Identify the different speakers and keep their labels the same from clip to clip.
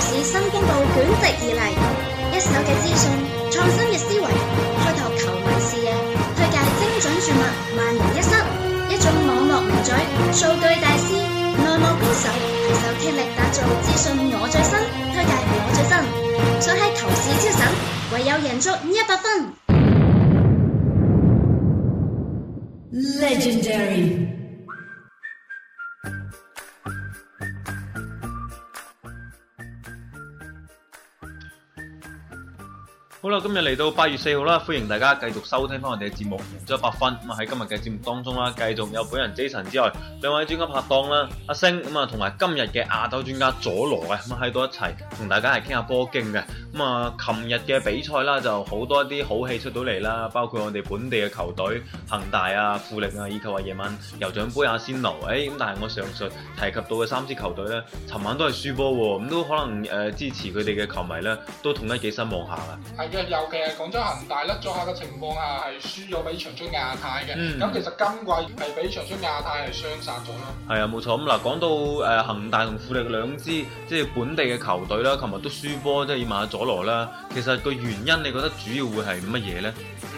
Speaker 1: 是新公布捲席而嚟，一手嘅資訊，創新嘅思維，開拓球迷視野，推介精準注物，萬無一失。一種網絡名嘴，數據大師，內幕高手，係受傾力打造資訊我最新，推介我最新，想喺球市超神，唯有贏足 100FUN。Legendary。好啦，今8日嚟到八月四號啦，歡迎大家繼續收聽翻我哋嘅節目，唔再八分。咁啊喺今日嘅節目當中啦，繼續有本人 Jason 之外，兩位專家拍檔啦，阿星咁啊，同埋今日嘅亞洲專家佐羅啊，咁喺度一齊，同大家係傾下波經嘅。咁啊，琴日嘅比賽啦就好多啲好戲出到嚟啦，包括我哋本地嘅球隊恒大啊、富力啊，以及話夜晚油井杯阿仙奴。誒，咁但係我上述提及到嘅三支球隊咧，琴晚都係輸波，咁都可能誒支持佢哋嘅球迷咧都痛得幾失望下
Speaker 2: 尤其係廣州恒大甩咗下嘅情況下，係輸咗俾長春亞泰嘅。咁、嗯、其實今
Speaker 1: 季係俾長春亞泰係雙殺咗咯。係啊，冇錯。咁、嗯、嗱，講到誒恒、呃、大同富力兩支即係本地嘅球隊啦，琴日都輸波，即係要問下佐羅啦。其實個原因，你覺得主要會係乜嘢咧？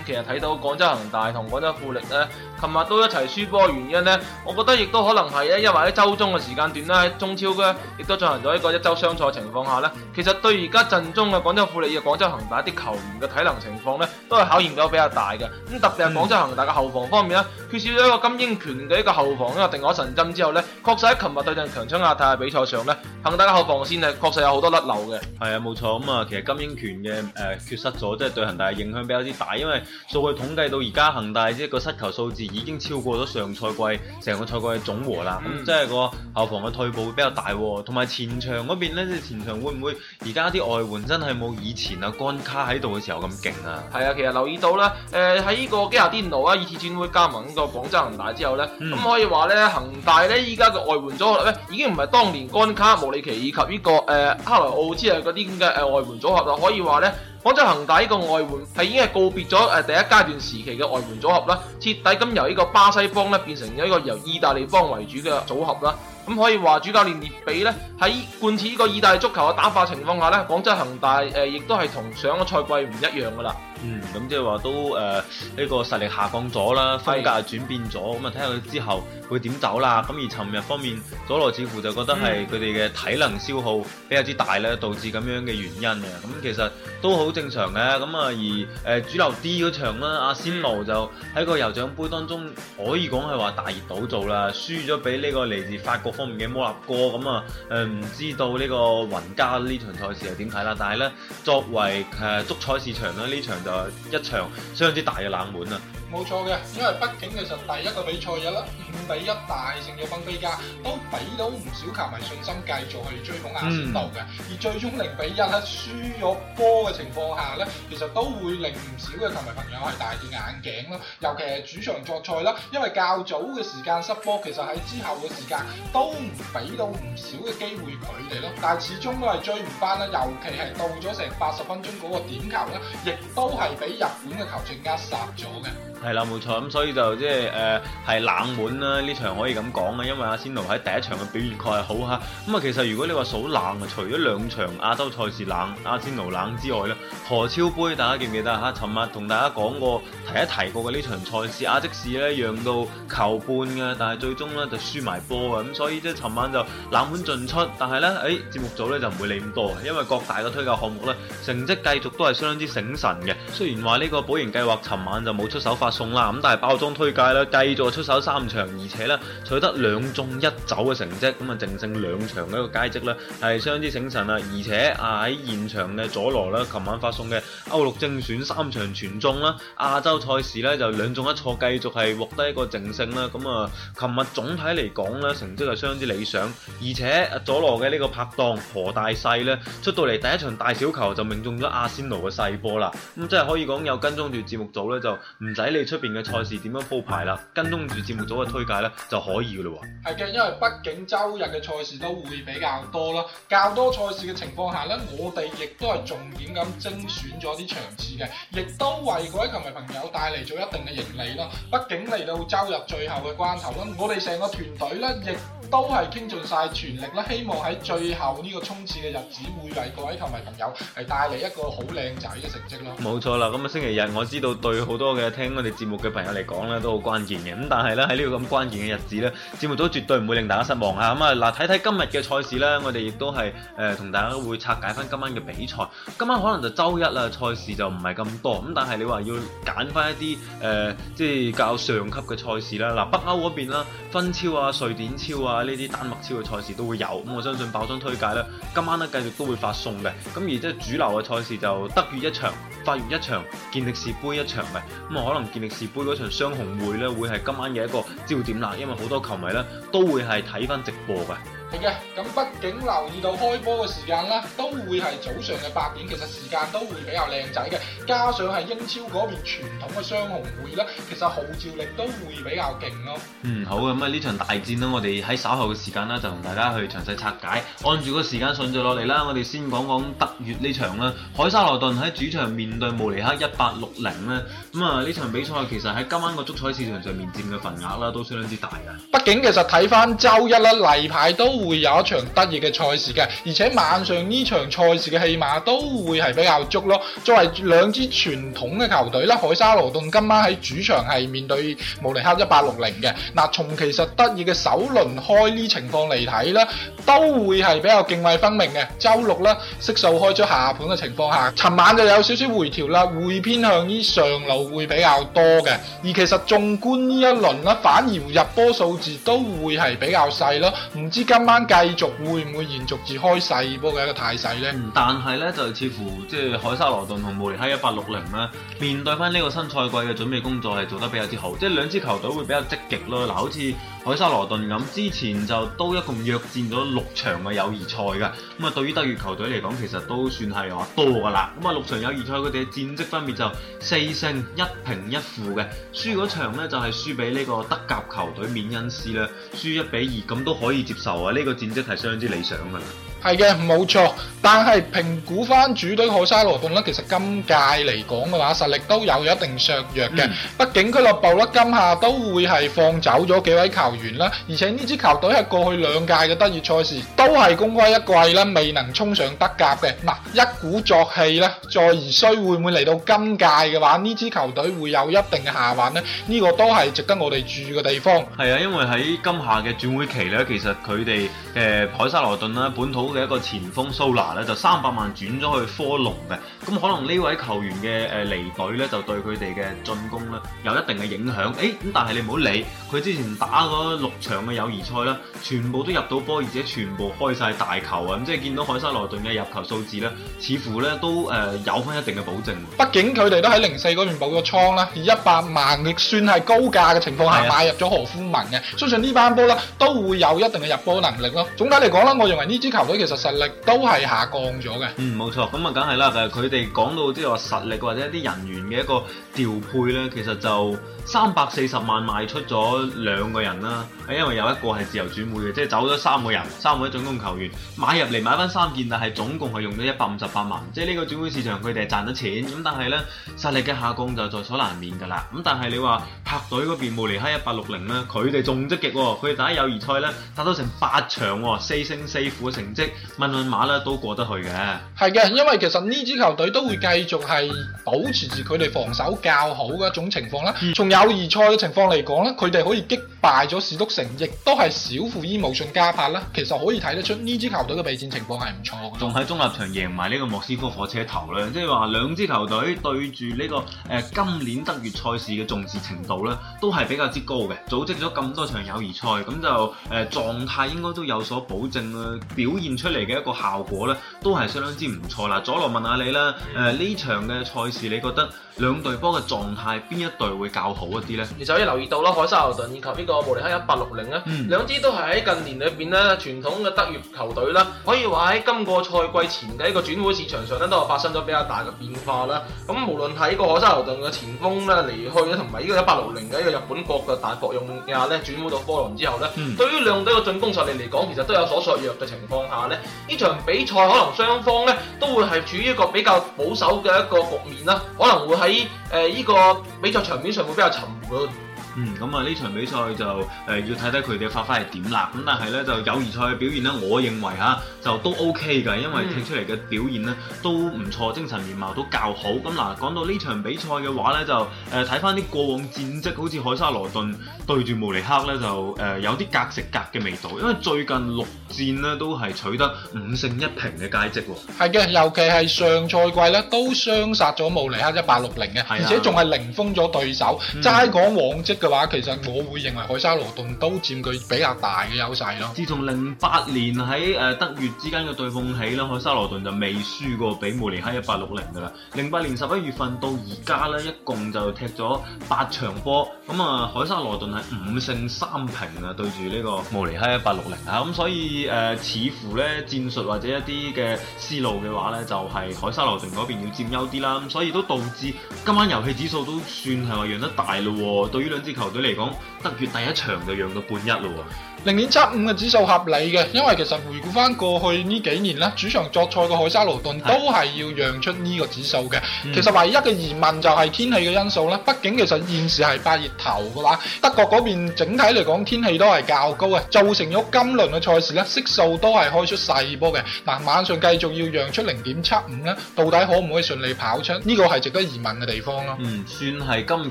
Speaker 1: 其實睇到廣州恒大同廣州富力咧，琴日都
Speaker 3: 一齊輸波嘅原因咧，我覺得亦都可能係咧，因為喺周中嘅時間段咧，中超嘅亦都進行咗一個一周雙賽情況下咧，其實對而家陣中嘅廣州富力、嘅廣州恒大啲球員嘅體能情況咧，都係考驗到比較大嘅。咁特別係廣州恒大嘅後防方面咧，嗯、缺少咗一個金英權嘅一個後防因為定咗神針之後咧，確實喺琴日對陣長春亞泰嘅比賽上咧，
Speaker 1: 恒大嘅後防線係確實有好多甩漏嘅。係啊，冇錯咁啊，其實金英權嘅誒缺失咗，即係對恒大嘅影響比較之大，因為。數據統計到而家恒大即個失球數字已經超過咗上賽季成個賽季嘅總和啦，咁、嗯、即係個後防嘅退步會比較大喎，同埋前場嗰邊咧，即前場會唔會而家啲外援真係冇以前啊乾卡喺度嘅時候咁勁啊？
Speaker 3: 係啊，其實留意到啦，誒喺呢個基亞甸奴啊，以及轉會加盟呢個廣州恒大之後咧，咁、嗯、可以話咧恒大咧依家嘅外援組合咧已經唔係當年乾卡、莫里奇以及呢、這個誒克萊奧之類嗰啲咁嘅誒外援組合，就可以話咧。廣州恒大呢個外援係已經係告別咗第一階段時期嘅外援組合啦，徹底咁由呢個巴西幫咧，變成咗一個由意大利幫為主嘅組合啦。咁可以話主教練列比咧喺貫徹呢個意大利足球嘅打法情況下咧，廣州恒大誒、呃、亦都係同上個賽季唔一
Speaker 1: 樣噶啦。嗯，咁即係話都誒呢、呃這個實力下降咗啦，風格轉變咗，咁啊睇下佢之後會點走啦。咁而尋日方面，佐羅似乎就覺得係佢哋嘅體能消耗比較之大咧，導致咁樣嘅原因啊，咁、嗯嗯、其實都好正常嘅。咁啊而誒、呃、主流 D 嗰場啦，阿仙奴就喺個酋長杯當中可以講係話大熱倒做啦，輸咗俾呢個嚟自法國。方面嘅摩納哥咁啊，誒、嗯、唔知道呢個雲加呢場賽事係點睇啦，但係咧作為誒足彩市場咧，呢場就係一場相當之大嘅冷門啊！
Speaker 2: 冇錯嘅，因為畢竟其實第一個比賽日啦五比一大勝嘅分迪家都俾到唔少球迷信心繼續去追捧亞仙豆嘅。而最終零比一輸咗波嘅情況下咧，其實都會令唔少嘅球迷朋友係大跌眼鏡咯。尤其係主場作賽啦，因為較早嘅時間失波，其實喺之後嘅時間都唔俾到唔少嘅機會佢哋咯。但係始終都係追唔翻啦，尤其係到咗成八十分鐘嗰個點球呢，亦都係俾日本嘅球證壓殺咗嘅。
Speaker 1: 係啦，冇錯咁，所以就即係誒係冷門啦呢場可以咁講嘅，因為阿仙奴喺第一場嘅表現確係好哈。咁啊，其實如果你話數冷啊，除咗兩場亞洲賽事冷，阿仙奴冷之外咧，荷超杯大家記唔記得吓，哈，尋晚同大家講過、嗯、提一提過嘅呢場賽事，阿、啊、積士咧讓到球半嘅，但係最終咧就輸埋波嘅咁，所以即係尋晚就冷門進出，但係咧誒，節目組咧就唔會理咁多，因為各大嘅推介項目咧成績繼續都係相當之醒神嘅。雖然話呢個保型計劃尋晚就冇出手法。送啦，咁但係包裝推介咧，繼續出手三場，而且咧取得兩中一走嘅成績，咁啊淨勝兩場嘅一個佳績咧，係相當之醒神啊！而且啊喺現場嘅佐羅咧，琴晚發送嘅歐陸精選三場全中啦，亞洲賽事咧就兩中一錯，繼續係獲得一個淨勝啦。咁啊，琴日總體嚟講咧，成績係相當之理想，而且佐羅嘅呢個拍檔何大細咧，出到嚟第一場大小球就命中咗阿仙奴嘅細波啦，咁即係可以講有跟蹤住節目組咧，就唔使理。出邊嘅賽事點樣鋪排啦？跟蹤住節目組嘅推介咧，就可以噶啦喎。
Speaker 2: 係嘅，因為畢竟周日嘅賽事都會比較多啦，較多賽事嘅情況下咧，我哋亦都係重點咁精選咗啲場次嘅，亦都為各位球迷朋友帶嚟咗一定嘅盈利啦，畢竟嚟到周日最後嘅關頭啦，我哋成個團隊咧，亦都係傾盡晒全力啦，希望喺最後呢個衝刺嘅日子，會為各位球迷朋友係帶嚟一個好靚仔嘅成績咯。
Speaker 1: 冇錯啦，咁啊星期日我知道對好多嘅聽我哋。節目嘅朋友嚟講咧，都好關鍵嘅。咁但係咧，喺呢個咁關鍵嘅日子咧，節目組絕對唔會令大家失望啊！咁啊，嗱，睇睇今日嘅賽事咧，我哋亦都係誒同大家會拆解翻今晚嘅比賽。今晚可能就周一啦，賽事就唔係咁多。咁但係你話要揀翻一啲誒、呃，即係較上級嘅賽事啦。嗱、啊，北歐嗰邊啦，芬超啊、瑞典超啊呢啲丹麥超嘅賽事都會有。咁、嗯、我相信爆莊推介咧，今晚咧繼續都會發送嘅。咁而即係主流嘅賽事就得於一場。發完一場健力士杯一場咪，咁啊可能健力士杯嗰場雙紅會咧，會係今晚嘅一個焦點啦，因為好多球迷咧都會係睇返直播嘅。
Speaker 2: 係嘅，咁畢竟留意到開波嘅時間啦，都會係早上嘅八點，其實時間都會比較靚仔嘅，加上係英超嗰邊
Speaker 1: 傳統嘅雙紅會啦，其實號召力都會比較勁咯。嗯，好嘅，咁啊呢場大戰啦，我哋喺稍後嘅時間啦，就同大家去詳細拆解。按住個時間順序落嚟啦，我哋先講講德乙呢場啦，海沙羅頓喺主場面對慕尼黑一八六零啦，咁啊呢場比賽其實喺今晚個足彩市場上面佔嘅份額啦，都相當之大㗎。
Speaker 2: 畢竟其實睇翻周一啦，例牌都。會有一場得意嘅賽事嘅，而且晚上呢場賽事嘅戲碼都會係比較足咯。作為兩支傳統嘅球隊啦，海沙羅頓今晚喺主場係面對慕尼黑一八六零嘅。嗱，從其實得意嘅首輪開呢情況嚟睇啦，都會係比較涇渭分明嘅。周六啦，悉數開咗下盤嘅情況下，尋晚就有少少回調啦，會偏向於上路會比較多嘅。而其實縱觀呢一輪啦，反而入波數字都會係比較細咯。唔知今晚？繼續會唔會延續
Speaker 1: 住開世波嘅一個態勢咧？但係咧就似乎即係、就是、凱沙羅頓同慕尼黑一八六零咧，面對翻呢個新賽季嘅準備工作係做得比較之好，即係兩支球隊會比較積極咯。嗱，好似。海沙羅頓咁，之前就都一共約戰咗六場嘅友誼賽㗎。咁啊，對於德乙球隊嚟講，其實都算係話多㗎啦。咁啊，六場友誼賽佢哋嘅戰績分別就四勝一平一負嘅，輸嗰場呢就係、是、輸俾呢個德甲球隊緬恩斯啦，輸一比二，咁都可以接受啊。呢、這個戰績係相當之理想㗎啦。
Speaker 2: 係嘅，冇錯。但係評估翻主隊海沙羅頓咧，其實今屆嚟講嘅話，實力都有一定削弱嘅。畢竟俱樂部啦，今夏都會係放走咗幾位球員啦，而且呢支球隊喺過去兩屆嘅德乙賽事都係功虧一簣啦，未能衝上德甲嘅。嗱，一鼓作氣咧，再而衰，會唔會嚟到今屆嘅話，呢支球隊會有一定嘅下滑咧？呢個都係值得我哋注意嘅地
Speaker 1: 方。係啊，因為喺今夏嘅轉會期咧，其實佢哋誒海沙羅頓啦，本土。嘅一個前鋒蘇拿咧，就三百萬轉咗去科隆嘅，咁可能呢位球員嘅誒離隊咧，就對佢哋嘅進攻咧有一定嘅影響。誒、欸、咁，但係你唔好理佢之前打嗰六場嘅友誼賽啦，全部都入到波，而且全部開晒大球啊！咁即係見到海沙羅頓嘅入球數字咧，似乎咧都誒、呃、有翻一定嘅保證的。畢
Speaker 2: 竟佢哋都喺零四嗰邊補咗倉啦，而一百萬亦算係高價嘅情況下買入咗何夫文嘅，的相信這班呢班波啦都會有一定嘅入波能力咯。總體嚟講啦，我認為呢支球隊。其實實力都係下
Speaker 1: 降咗嘅。嗯，冇錯，咁啊，梗係啦。誒，佢哋講到即係話實力或者一啲人員嘅一個調配咧，其實就三百四十萬賣出咗兩個人啦。因為有一個係自由轉會嘅，即係走咗三個人，三個進攻球員買入嚟買翻三件，但係總共係用咗一百五十八萬，即係呢個轉會市場佢哋係賺咗錢，咁但係呢，實力嘅下降就在所難免噶啦。咁但係你話柏隊嗰邊慕尼黑一八六零咧，佢哋仲積極、喎，佢哋打友誼賽呢，打到成八場、喎，四勝四負嘅成績，問一問馬咧都過得去嘅。
Speaker 2: 係嘅，因為其實呢支球隊都會繼續係保持住佢哋防守較好嘅一種情況啦。從友誼賽嘅情況嚟講呢，佢哋可以激敗咗史篤城，亦都係小負於慕遜加柏啦。其實可以睇得出呢支球隊嘅備戰情況係唔錯
Speaker 1: 嘅，仲喺中立場贏埋呢個莫斯科火車頭啦。即係話兩支球隊對住呢、這個誒、呃、今年德乙賽事嘅重視程度咧，都係比較之高嘅。組織咗咁多場友誼賽，咁就誒、呃、狀態應該都有所保證啦。表現出嚟嘅一個效果咧，都係相當之唔錯啦。佐羅問下你啦，誒、呃、呢場嘅賽事你覺得兩隊波嘅狀態邊一隊會較好一啲咧？你
Speaker 3: 首先留意到咯，海瑟牛頓以及呢、這個。慕尼黑一八六零咧，兩支都係喺近年裏邊咧，傳統嘅德乙球隊啦，可以話喺今個賽季前嘅一個轉會市場上咧，都係發生咗比較大嘅變化啦。咁無論喺呢個可莎牛頓嘅前鋒咧離去咧，同埋呢個一八六零嘅呢個日本國嘅大國用也咧轉會到科隆之後咧，嗯、對於兩隊嘅進攻實力嚟講，其實都有所削弱嘅情況下咧，呢場比賽可能雙方咧都會係處於一個比較保守嘅一個局面啦，可能會喺誒呢個比賽場面上會比較沉
Speaker 1: 悶。嗯，咁啊呢場比賽就、呃、要睇睇佢哋嘅發揮係點啦。咁但係呢，就友誼賽嘅表現呢，我認為嚇、啊、就都 OK 㗎，因為踢出嚟嘅表現呢，都唔錯，精神面貌都較好。咁、嗯、嗱，講到呢場比賽嘅話呢，就、呃、睇翻啲過往戰績，好似凱沙羅頓對住慕尼克呢，就、呃、有啲格食格嘅味道，因為最近六戰呢，都係取得五勝一平嘅佳績喎。
Speaker 2: 係嘅，尤其係上賽季呢，都雙殺咗慕尼克一八六零嘅，而且仲係零封咗對手。齋、嗯、講往績。嘅話，其實我會認為海
Speaker 1: 沙羅頓都佔據比較大嘅優勢咯。自從零八年喺誒德月之間嘅對碰起啦，海沙羅頓就未輸過畀慕尼黑一八六零噶啦。零八年十一月份到而家咧，一共就踢咗八場波，咁、嗯、啊海沙羅頓係五勝三平啊、嗯，對住呢個慕尼黑一八六零啊，咁所以誒、呃、似乎咧戰術或者一啲嘅思路嘅話咧，就係、是、海沙羅頓嗰邊要佔優啲啦。咁所以都導致今晚遊戲指數都算係話讓得大咯。對於兩支。球隊嚟講，德乙第一場就贏到半一咯。零
Speaker 2: 點七五嘅指數合理嘅，因為其實回顧翻過去呢幾年咧，主場作賽嘅海沙勞頓都係要讓出呢個指數嘅。其實唯一嘅疑問就係天氣嘅因素啦，畢竟其實現時係八月頭嘅話，德國嗰邊整體嚟講天氣都係較高嘅，造成咗今輪嘅賽事咧色數都係開出細波嘅。嗱，晚上繼續要讓出零點七五咧，到底可唔可以順利跑出？呢、這個係值得疑問嘅地方咯。
Speaker 1: 嗯，算係今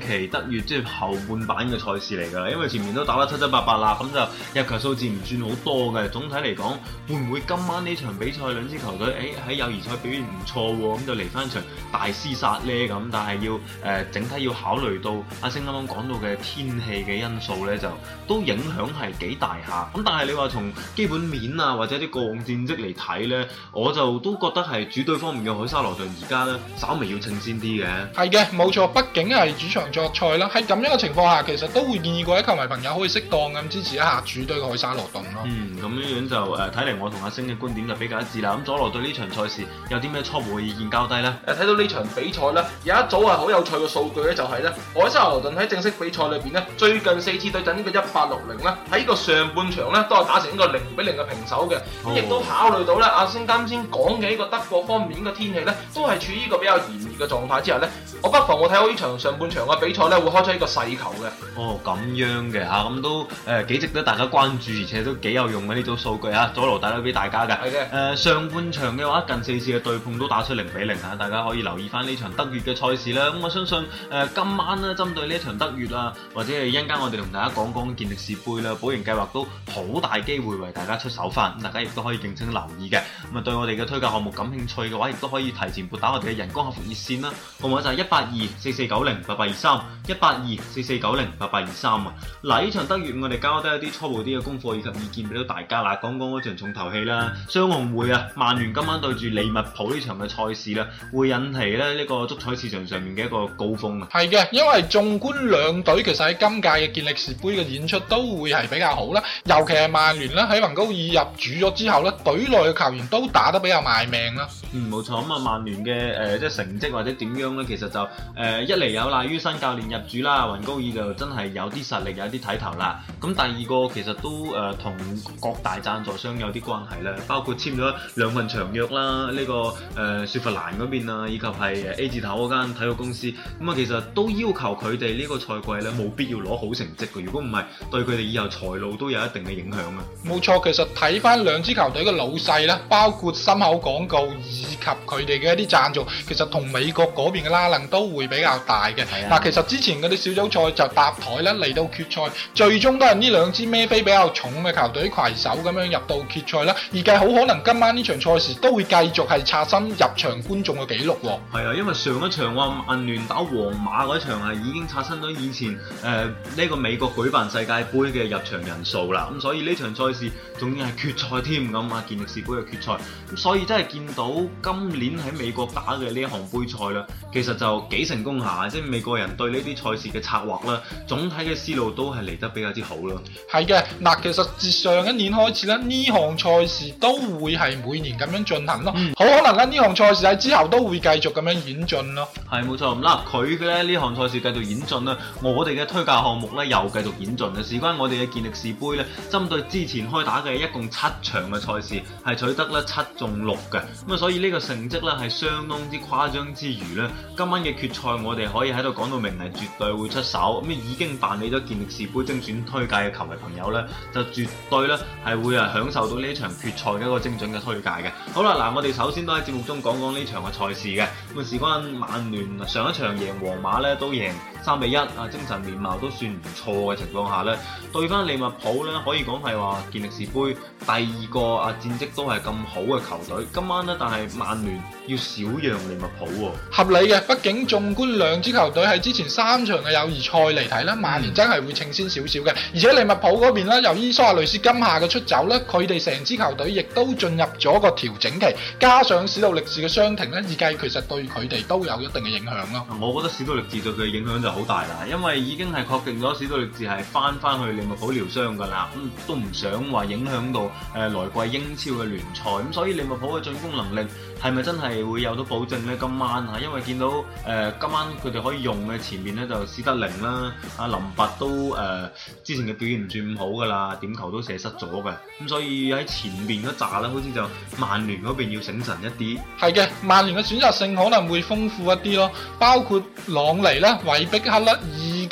Speaker 1: 期德月即係、就是、後半版嘅賽事嚟㗎啦，因為前面都打得七七八八啦，咁就。球數字唔算好多嘅，總體嚟講，會唔會今晚呢場比賽兩支球隊，誒、欸、喺友誼賽表現唔錯喎，咁就嚟返場大廝殺呢。咁，但係要誒整體要考慮到阿、啊、星啱啱講到嘅天氣嘅因素呢，就都影響係幾大下。咁但係你話從基本面啊或者啲過往戰績嚟睇呢，我就都覺得係主隊方面嘅海沙羅頓而家呢，稍微要稱先啲嘅。
Speaker 2: 係嘅，冇錯，畢竟係主場作賽啦。喺咁樣嘅情況下，其實都會建議各位球迷朋友可以
Speaker 1: 適當咁支持一下主。對海沙羅頓咯，嗯，咁樣樣就誒，睇、呃、嚟我同阿星嘅觀點就比較一致啦。咁佐羅對呢場賽事有啲咩初步嘅意見交低咧？誒、呃，睇到呢場比賽咧，有一
Speaker 3: 組係好有趣嘅數據咧、就是，嗯、就係、是、咧海沙羅頓喺正式比賽裏邊咧，最近四次對陣呢個一八六零咧，喺呢個上半場咧都係打成一個零比零嘅平手嘅。咁亦、哦、都考慮到咧，阿、啊、星啱先講嘅呢個德國方面嘅天氣咧，都係處於一個比較炎熱嘅狀態之下咧。我不妨我睇好呢場上半場嘅比賽咧，會開出一個細球嘅。
Speaker 1: 哦，咁樣嘅吓，咁、啊、都誒幾、呃、值得大家關。關注而且都幾有用嘅呢組數據啊，左羅帶咗俾大家嘅。係嘅的。誒、呃、上半場嘅話，近四次嘅對碰都打出零比零啊！大家可以留意翻呢場德乙嘅賽事啦。咁我相信誒、呃、今晚咧，針對呢一場德乙啊，或者係一陣間我哋同大家講講健力士杯啦，保贏計劃都好大機會為大家出手翻。大家亦都可以敬請留意嘅。咁啊，對我哋嘅推介項目感興趣嘅話，亦都可以提前撥打我哋嘅人工客服熱線啦，號碼就4 4 23, 4 4我一八二四四九零八八二三，一八二四四九零八八二三啊。嗱，呢場德乙我哋交得一啲初步啲嘅功課以及意見俾到大家嗱，講講嗰場重頭戲啦，雙紅會啊，曼聯今晚對住利物浦呢場嘅賽事啦，會引起咧呢個足彩市場上面嘅一個高峰啊。係嘅，因為縱觀兩隊其實喺今屆嘅健力士杯嘅演出
Speaker 2: 都會係比較好啦，尤其係曼聯啦，喺雲高爾入主咗之後咧，隊內嘅球員都打得比較賣命啦。
Speaker 1: 嗯，冇錯啊嘛，曼聯嘅誒即係成績或者點樣咧，其實就誒、呃、一嚟有賴於新教練入主啦，雲高爾就真係有啲實力，有啲睇頭啦。咁第二個其實都誒同、呃、各大贊助商有啲關係啦，包括簽咗兩份長約啦，呢、這個誒、呃、雪佛蘭嗰邊啊，以及係 A 字頭嗰間體育公司，咁、嗯、啊其實都要求佢哋呢個賽季咧冇必要攞好成績嘅，如果唔係對佢哋以後財路都有一定嘅影響嘅。
Speaker 2: 冇錯，其實睇翻兩支球隊嘅老細咧，包括心口廣告以及佢哋嘅一啲贊助，其實同美國嗰邊嘅拉力都會比較大嘅。嗱、啊，其實之前嗰啲小組賽就搭台啦，嚟到決賽最終都係呢兩支咩飛。比較重嘅球隊攜手咁樣入到決賽啦，而計好可能今晚呢場賽事都會繼續係刷新入場觀眾嘅紀錄。
Speaker 1: 係啊，因為上一場我話曼聯打皇馬嗰場係已經刷新咗以前誒呢、呃這個美國舉辦世界杯嘅入場人數啦。咁所以呢場賽事仲要係決賽添咁啊，健力士杯嘅決賽。咁所以真係見到今年喺美國打嘅呢一項杯賽啦，其實就幾成功下，即、就、係、是、美國人對呢啲賽事嘅策劃啦，總體嘅思路都係嚟得比較之好啦。係嘅。嗱，其實自上一年開始咧，呢項賽事都會係每
Speaker 2: 年咁樣進行咯。好、嗯、可能咧，呢項賽事喺之後都會繼續咁樣演進咯。
Speaker 1: 係冇錯，咁嗱佢嘅咧，呢項賽事繼續演進啦，我哋嘅推介項目咧又繼續演進啦，事關我哋嘅健力士杯咧，針對之前開打嘅一共七場嘅賽事係取得咧七中六嘅，咁啊所以呢個成績咧係相當之誇張之餘咧，今晚嘅決賽我哋可以喺度講到明係絕對會出手。咁啊已經辦理咗健力士杯精選推介嘅球迷朋友咧。就絕對咧，係會啊享受到呢一場決賽嘅一個精準嘅推介嘅。好啦，嗱，我哋首先都喺節目中講講呢場嘅賽事嘅。咁啊，事關曼聯上一場贏皇馬咧，都贏三比一啊，精神面貌都算唔錯嘅情況下咧，對翻利物浦咧，可以講係話健力士杯第二個啊戰績都係咁好嘅球隊。今晚咧，但係曼聯要少讓利物浦喎、
Speaker 2: 哦，合理嘅。畢竟縱觀兩支球隊係之前三場嘅友誼賽嚟睇咧，曼聯真係會稱先少少嘅。嗯、而且利物浦嗰邊咧，由於蘇亞雷斯今夏嘅出走咧，佢哋成支球隊亦都進入咗個調整期，加上史杜力士嘅傷停咧，而家其實對佢哋都有一定嘅影響咯。
Speaker 1: 我覺得史杜力士對佢嘅影響就～好大啦，因為已經係確定咗史多力治係翻返去利物浦療傷噶啦，咁都唔想話影響到誒來季英超嘅聯賽咁，所以利物浦嘅進攻能力。係咪真係會有到保證呢？今晚啊，因為見到誒、呃、今晚佢哋可以用嘅前面咧就史德玲啦，阿、啊、林伯都誒、呃、之前嘅表現唔算唔好噶啦，點球都射失咗嘅，咁所以喺前面嗰紮咧，好似就曼聯嗰邊要醒神一啲。係嘅，曼聯嘅選擇性可能會豐富一啲咯，包括
Speaker 2: 朗尼啦、韋碧克啦。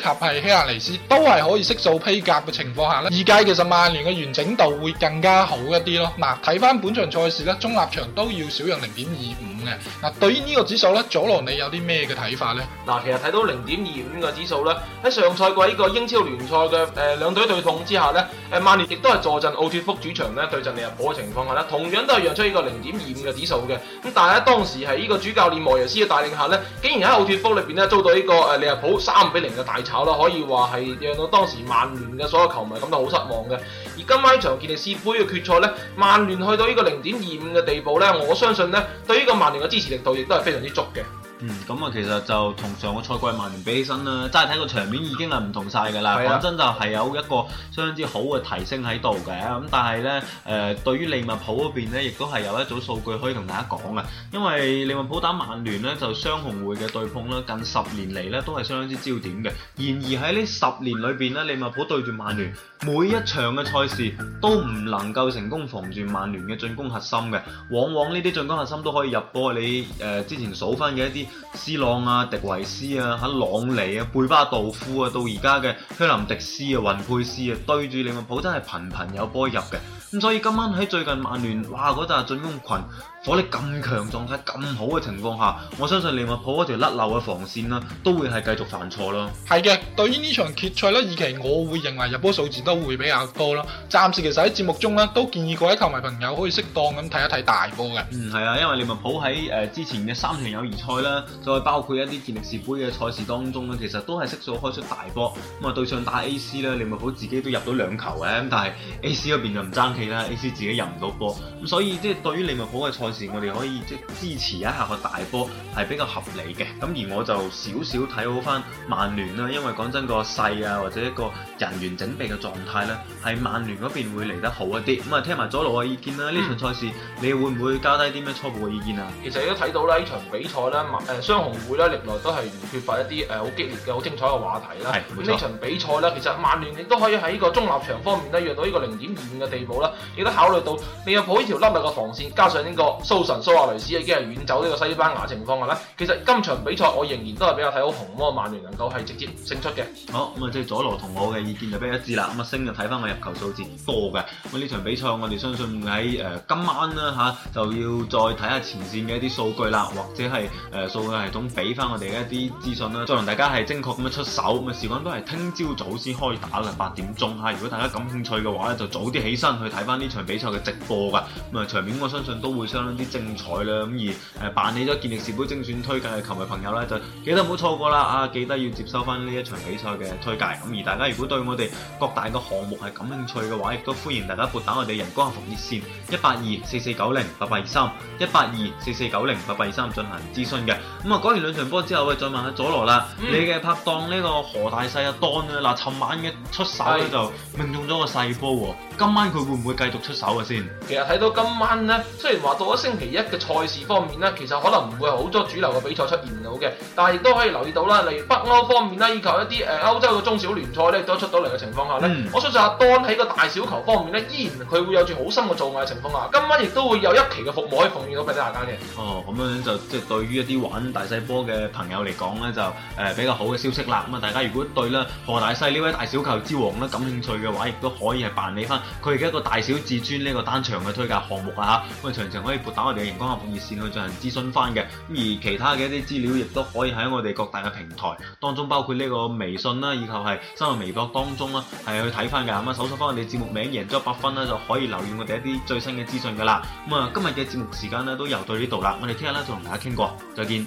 Speaker 2: 及係希亞尼斯都係可以悉數披甲嘅情況下呢，二屆其實曼聯嘅完整度會更加好一啲咯。嗱，睇翻本場賽事呢，中立場都要少於零點二五。嗱，對於呢個指數咧，佐羅你有啲咩嘅睇法呢？
Speaker 3: 嗱，其實睇到零點二五嘅指數咧，喺上賽季呢個英超聯賽嘅誒兩隊對碰之下咧，誒曼聯亦都係坐鎮奧脫福主場咧，對陣利物浦嘅情況下咧，同樣都係讓出呢個零點二五嘅指數嘅。咁但係喺當時係呢個主教練莫耶斯嘅帶領下咧，竟然喺奧脫福裏邊咧，遭到呢個誒利物浦三比零嘅大炒啦，可以話係讓到當時曼聯嘅所有球迷感到好失望嘅。而今晚喺場健力士杯嘅決賽咧，曼聯去到呢個零點二五嘅地步咧，我相信咧，對呢個曼的支持力度亦都非常之足嘅。
Speaker 1: 嗯，咁啊，其實就同上個賽季曼聯比起身啦，真係睇個場面已經係唔同晒㗎啦。本身就係有一個相當之好嘅提升喺度嘅。咁但係呢，誒、呃，對於利物浦嗰邊呢，亦都係有一組數據可以同大家講嘅。因為利物浦打曼聯呢，就雙紅會嘅對碰啦，近十年嚟呢都係相當之焦點嘅。然而喺呢十年裏面呢，利物浦對住曼聯每一場嘅賽事都唔能夠成功防住曼聯嘅進攻核心嘅。往往呢啲進攻核心都可以入波。你、呃、之前數翻嘅一啲。斯朗啊、迪維斯啊、喺朗尼啊、貝巴道夫啊，到而家嘅香林迪斯啊、雲佩斯啊，對住利物浦真係頻頻有波入嘅，咁所以今晚喺最近曼聯，哇嗰陣進攻群。火力咁強、狀態咁好嘅情況下，我相信利物浦嗰條甩漏嘅防線啦，都會係繼續犯錯咯。係嘅，對於呢場決賽咧，以期我會認為入波數字都
Speaker 2: 會比較多啦。暫時其實喺節目中咧，都建議各位球迷朋友可以適當咁睇一睇大波
Speaker 1: 嘅。嗯，係啊，因為利物浦喺誒、呃、之前嘅三場友誼賽啦，再包括一啲健力士杯嘅賽事當中咧，其實都係悉數開出大波。咁啊，對上打 A.C. 咧，利物浦自己都入到兩球嘅，咁但係 A.C. 嗰邊就唔爭氣啦，A.C. 自己入唔到波。咁所以即係對於利物浦嘅賽事時我哋可以即支持一下個大波係比較合理嘅，咁而我就少少睇好翻曼聯啦，因為講真個勢啊或者一個人員整備嘅狀態咧，喺曼聯嗰邊會嚟得好一啲。咁啊，聽埋佐羅嘅意見啦，呢、嗯、場賽事你會唔會交低啲咩初步嘅意見啊？其
Speaker 3: 實你都睇到啦，呢場比賽咧，曼誒雙紅會咧歷來都係唔缺乏一啲誒好激烈嘅好精彩嘅話題啦。咁呢場比賽咧，其實曼聯亦都可以喺呢個中立場方面咧約到呢個零點二五嘅地步啦。亦都考慮到你要抱呢條粒日嘅防線，加上呢、這個。蘇神蘇亞雷斯已經係遠走呢個西班牙情況嘅啦。其實今場比賽我仍然都係比較睇好，紅魔曼聯能夠係直接勝出嘅。
Speaker 1: 好，咁啊，即係佐羅同我嘅意見就比較一致啦。咁、嗯、啊，升就睇翻我入球數字多嘅。咁、嗯、呢場比賽我哋相信喺誒、呃、今晚啦吓、啊，就要再睇下前線嘅一啲數據啦，或者係誒、呃、數據系統俾翻我哋嘅一啲資訊啦。再同大家係精確咁樣出手，咁、嗯、啊時間都係聽朝早先開打啦，八點鐘吓。如果大家感興趣嘅話咧，就早啲起身去睇翻呢場比賽嘅直播㗎。咁、嗯、啊，場面我相信都會相啲精彩啦，咁而誒辦理咗健力士杯精選推介嘅球迷朋友咧，就記得唔好錯過啦，啊，記得要接收翻呢一場比賽嘅推介。咁、啊、而大家如果對我哋各大嘅項目係感興趣嘅話，亦都歡迎大家撥打我哋人工客服熱線一八二四四九零八八二三一八二四四九零八八二三進行諮詢嘅。咁啊，講完兩場波之後，我再問下佐羅啦，嗯、你嘅拍檔呢個何大細啊當啊，嗱，尋晚嘅出手咧就命中咗個細波喎，是今晚佢會唔會繼續出手嘅先？
Speaker 3: 其實睇到今晚咧，雖然話做星期一嘅賽事方面咧，其實可能唔會好多主流嘅比賽出現到嘅，但係亦都可以留意到啦，例如北歐方面啦，以及一啲誒、呃、歐洲嘅中小聯賽咧，都出到嚟嘅情況下咧，嗯、我相信阿當喺個大小球方面咧，依然佢會有住好深嘅造詣嘅情況下，今晚亦都會有一期嘅服務可以奉獻到俾大家嘅。
Speaker 1: 哦，咁樣就即係、就是、對於一啲玩大細波嘅朋友嚟講咧，就誒、呃、比較好嘅消息啦。咁啊，大家如果對啦何大細呢位大小球之王咧感興趣嘅話，亦都可以係辦理翻佢而家一個大小至尊呢個單場嘅推介項目啊，咁啊常常可以。打我哋嘅陽光客服熱線去進行諮詢翻嘅，咁而其他嘅一啲資料亦都可以喺我哋各大嘅平台當中，包括呢個微信啦，以及係新浪微博當中啦，係去睇翻嘅。咁啊，搜索翻我哋節目名《贏足 100FUN》啦，就可以留意我哋一啲最新嘅資訊噶啦。咁啊，今日嘅節目時間咧都由到呢度啦，我哋聽日咧就同大家傾過，再見。